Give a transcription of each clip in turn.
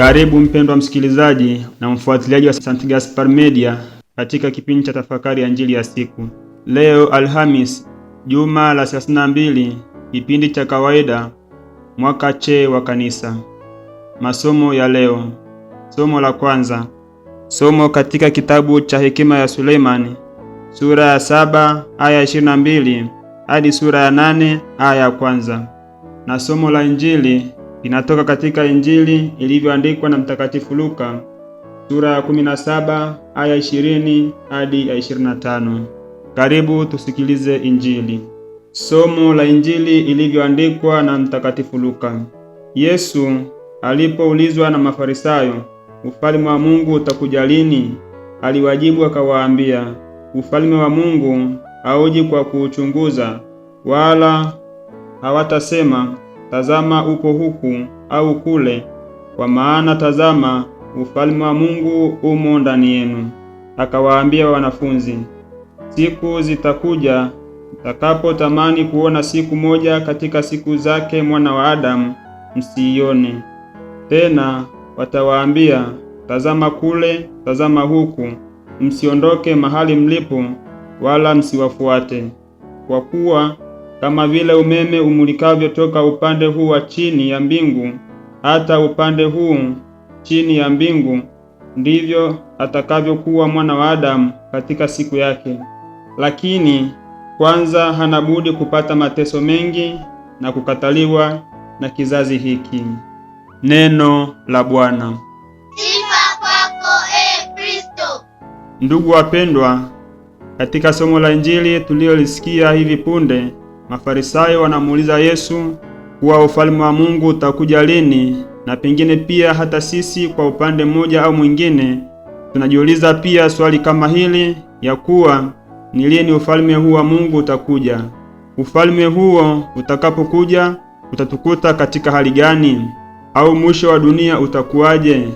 Karibu mpendwa msikilizaji na mfuatiliaji wa St. Gaspar Media katika kipindi cha tafakari ya Injili ya siku. Leo Alhamis, juma la 32, kipindi cha kawaida, mwaka C wa Kanisa. Masomo ya leo. Somo la kwanza. Somo katika kitabu cha Hekima ya Suleimani, sura ya saba aya 22 hadi sura ya nane aya ya kwanza. Na somo la Injili inatoka katika Injili ilivyoandikwa na Mtakatifu Luka sura ya 17 aya 20 hadi ya 25. Karibu tusikilize Injili. Somo la Injili ilivyoandikwa na Mtakatifu Luka. Yesu alipoulizwa na Mafarisayo, ufalme wa Mungu utakuja lini? Aliwajibu akawaambia, ufalme wa Mungu hauji kwa kuuchunguza, wala hawatasema tazama uko huku au kule, kwa maana tazama, ufalme wa Mungu umo ndani yenu. Akawaambia wanafunzi, siku zitakuja mtakapotamani kuona siku moja katika siku zake mwana wa Adamu, msiione tena. Watawaambia, tazama kule, tazama huku, msiondoke mahali mlipo, wala msiwafuate, kwa kuwa kama vile umeme umulikavyo toka upande huu wa chini ya mbingu hata upande huu chini ya mbingu, ndivyo atakavyokuwa mwana wa Adamu katika siku yake. Lakini kwanza hanabudi kupata mateso mengi na kukataliwa na kizazi hiki. Neno la Bwana. Sifa kwako e Kristo. Ndugu wapendwa, katika somo la Injili tuliyolisikia hivi punde Mafarisayo wanamuuliza Yesu kuwa ufalme wa Mungu utakuja lini, na pengine pia hata sisi kwa upande mmoja au mwingine tunajiuliza pia swali kama hili ya kuwa ni lini ufalme huu wa Mungu utakuja. Ufalme huo utakapokuja utatukuta katika hali gani? Au mwisho wa dunia utakuwaje?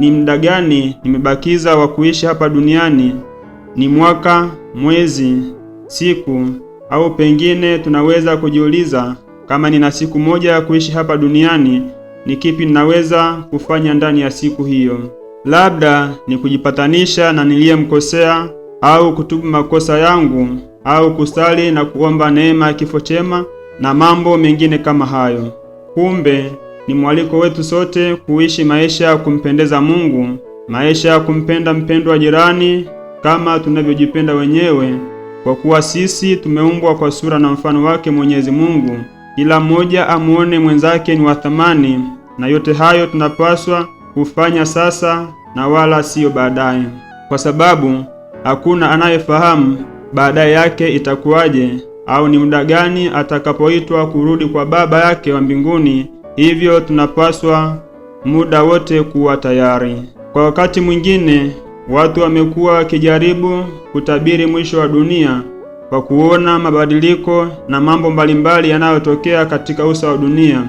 Ni muda gani nimebakiza wa kuishi hapa duniani? Ni mwaka, mwezi, siku au pengine tunaweza kujiuliza, kama nina siku moja ya kuishi hapa duniani, ni kipi ninaweza kufanya ndani ya siku hiyo? Labda ni kujipatanisha na niliyemkosea au kutubu makosa yangu au kusali na kuomba neema ya kifo chema na mambo mengine kama hayo. Kumbe ni mwaliko wetu sote kuishi maisha ya kumpendeza Mungu, maisha ya kumpenda mpendwa jirani kama tunavyojipenda wenyewe. Kwa kuwa sisi tumeumbwa kwa sura na mfano wake Mwenyezi Mungu, kila mmoja amuone mwenzake ni wa thamani, na yote hayo tunapaswa kufanya sasa na wala siyo baadaye, kwa sababu hakuna anayefahamu baadaye yake itakuwaje au ni muda gani atakapoitwa kurudi kwa Baba yake wa mbinguni. Hivyo tunapaswa muda wote kuwa tayari. Kwa wakati mwingine Watu wamekuwa wakijaribu kutabiri mwisho wa dunia kwa kuona mabadiliko na mambo mbalimbali yanayotokea katika uso wa dunia,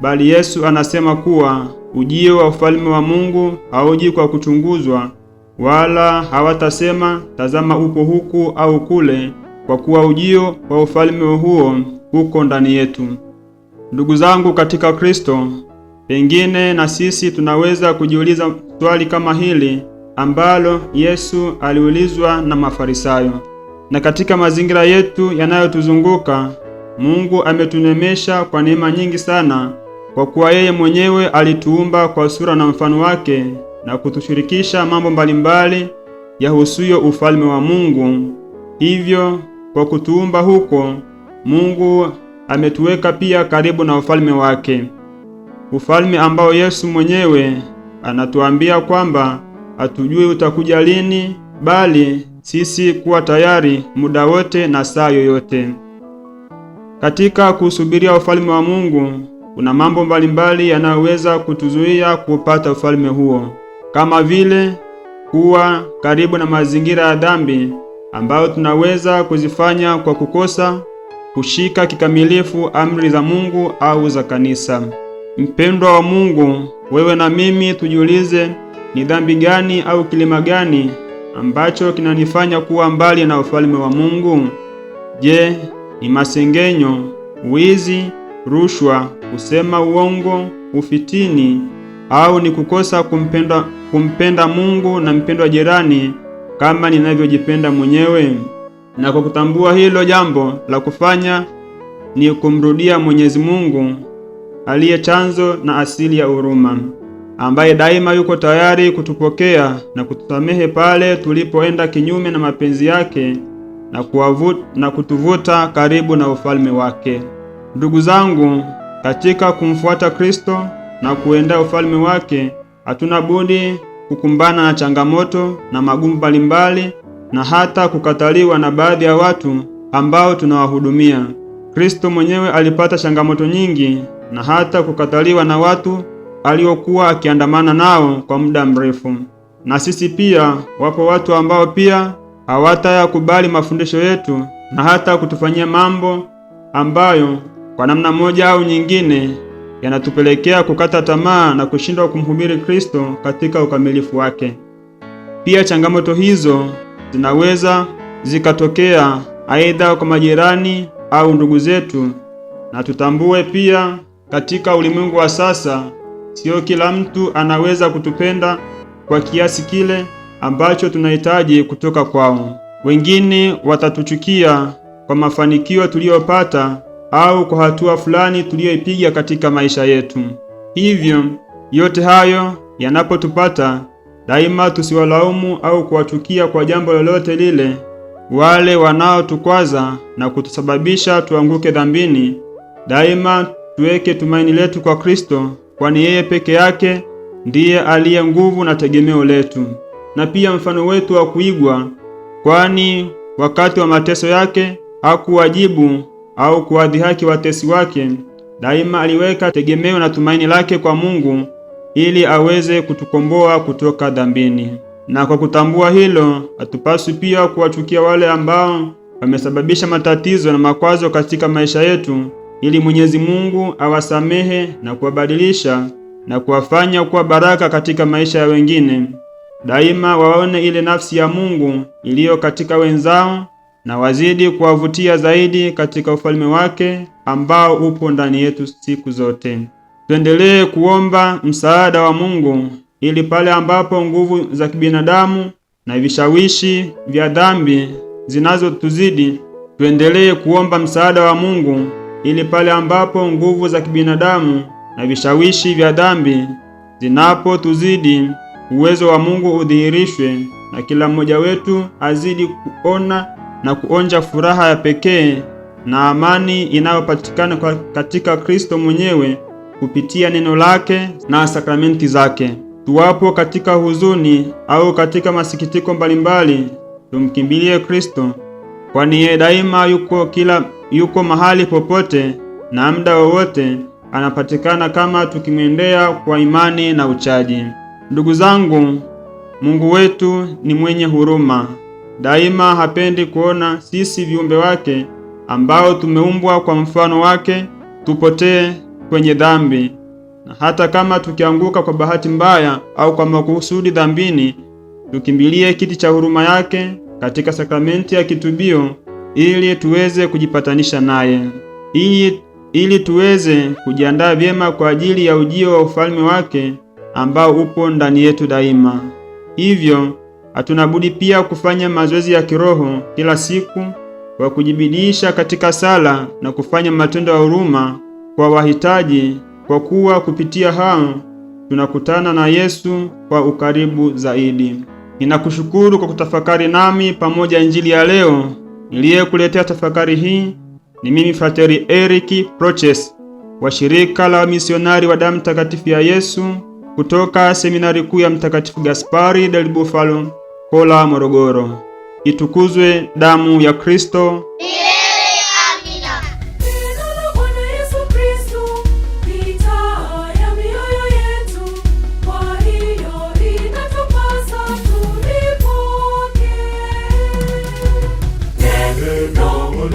bali Yesu anasema kuwa ujio wa ufalme wa Mungu hauji kwa kuchunguzwa, wala hawatasema tazama, upo huku au kule, kwa kuwa ujio wa ufalme huo uko ndani yetu. Ndugu zangu katika Kristo, pengine na sisi tunaweza kujiuliza swali kama hili ambalo Yesu aliulizwa na Mafarisayo. Na katika mazingira yetu yanayotuzunguka, Mungu ametunemesha kwa neema nyingi sana, kwa kuwa yeye mwenyewe alituumba kwa sura na mfano wake na kutushirikisha mambo mbalimbali yahusuyo ufalme wa Mungu. Hivyo, kwa kutuumba huko, Mungu ametuweka pia karibu na ufalme wake, ufalme ambao Yesu mwenyewe anatuambia kwamba hatujui utakuja lini, bali sisi kuwa tayari muda wote na saa yoyote. Katika kusubiria ufalme wa Mungu kuna mambo mbalimbali yanayoweza kutuzuia kuupata ufalme huo, kama vile kuwa karibu na mazingira ya dhambi ambayo tunaweza kuzifanya kwa kukosa kushika kikamilifu amri za Mungu au za kanisa. Mpendwa wa Mungu, wewe na mimi tujiulize ni dhambi gani au kilima gani ambacho kinanifanya kuwa mbali na ufalme wa Mungu? Je, ni masengenyo, wizi, rushwa, kusema uongo, ufitini au ni kukosa kumpenda, kumpenda Mungu na mpendwa jirani kama ninavyojipenda mwenyewe? Na kwa kutambua hilo, jambo la kufanya ni kumrudia Mwenyezi Mungu aliye chanzo na asili ya huruma ambaye daima yuko tayari kutupokea na kutusamehe pale tulipoenda kinyume na mapenzi yake na, kuavut, na kutuvuta karibu na ufalme wake. Ndugu zangu, katika kumfuata Kristo na kuenda ufalme wake, hatuna budi kukumbana na changamoto na magumu mbalimbali na hata kukataliwa na baadhi ya watu ambao tunawahudumia. Kristo mwenyewe alipata changamoto nyingi na hata kukataliwa na watu aliokuwa akiandamana nao kwa muda mrefu. Na sisi pia, wapo watu ambao pia hawatayakubali mafundisho yetu na hata kutufanyia mambo ambayo kwa namna moja au nyingine yanatupelekea kukata tamaa na kushindwa kumhubiri Kristo katika ukamilifu wake. Pia changamoto hizo zinaweza zikatokea aidha kwa majirani au ndugu zetu, na tutambue pia katika ulimwengu wa sasa Sio kila mtu anaweza kutupenda kwa kiasi kile ambacho tunahitaji kutoka kwao. Wengine watatuchukia kwa mafanikio tuliyopata au kwa hatua fulani tuliyoipiga katika maisha yetu. Hivyo yote hayo yanapotupata, daima tusiwalaumu au kuwachukia kwa jambo lolote lile wale wanaotukwaza na kutusababisha tuanguke dhambini. Daima tuweke tumaini letu kwa Kristo kwani yeye peke yake ndiye aliye nguvu na tegemeo letu, na pia mfano wetu wa kuigwa, kwani wakati wa mateso yake hakuwajibu au kuwadhihaki watesi wake. Daima aliweka tegemeo na tumaini lake kwa Mungu ili aweze kutukomboa kutoka dhambini. Na kwa kutambua hilo, hatupaswi pia kuwachukia wale ambao wamesababisha matatizo na makwazo katika maisha yetu, ili Mwenyezi Mungu awasamehe na kuwabadilisha na kuwafanya kuwa baraka katika maisha ya wengine. Daima waone ile nafsi ya Mungu iliyo katika wenzao na wazidi kuwavutia zaidi katika ufalme wake ambao upo ndani yetu siku zote. Tuendelee kuomba msaada wa Mungu ili pale ambapo nguvu za kibinadamu na vishawishi vya dhambi zinazotuzidi, tuendelee kuomba msaada wa Mungu ili pale ambapo nguvu za kibinadamu na vishawishi vya dhambi zinapotuzidi, uwezo wa Mungu udhihirishwe na kila mmoja wetu azidi kuona na kuonja furaha ya pekee na amani inayopatikana katika Kristo mwenyewe kupitia neno lake na sakramenti zake. Tuwapo katika huzuni au katika masikitiko mbalimbali, tumkimbilie Kristo, kwani yeye daima yuko kila yuko mahali popote na muda wowote anapatikana kama tukimwendea kwa imani na uchaji. Ndugu zangu, Mungu wetu ni mwenye huruma. Daima hapendi kuona sisi viumbe wake ambao tumeumbwa kwa mfano wake tupotee kwenye dhambi. Na hata kama tukianguka kwa bahati mbaya au kwa makusudi dhambini, tukimbilie kiti cha huruma yake katika sakramenti ya kitubio ili tuweze kujipatanisha naye, ili, ili tuweze kujiandaa vyema kwa ajili ya ujio wa ufalme wake ambao upo ndani yetu daima. Hivyo hatunabudi pia kufanya mazoezi ya kiroho kila siku kwa kujibidiisha katika sala na kufanya matendo ya huruma kwa wahitaji, kwa kuwa kupitia hao tunakutana na Yesu kwa ukaribu zaidi. Ninakushukuru kwa kutafakari nami pamoja Injili ya leo. Niliyekuletea tafakari hii ni mimi Frateri Eric Proches wa shirika la wamisionari wa damu takatifu ya Yesu kutoka seminari kuu ya Mtakatifu Gaspari del Bufalo, Kola, Morogoro. Itukuzwe damu ya Kristo!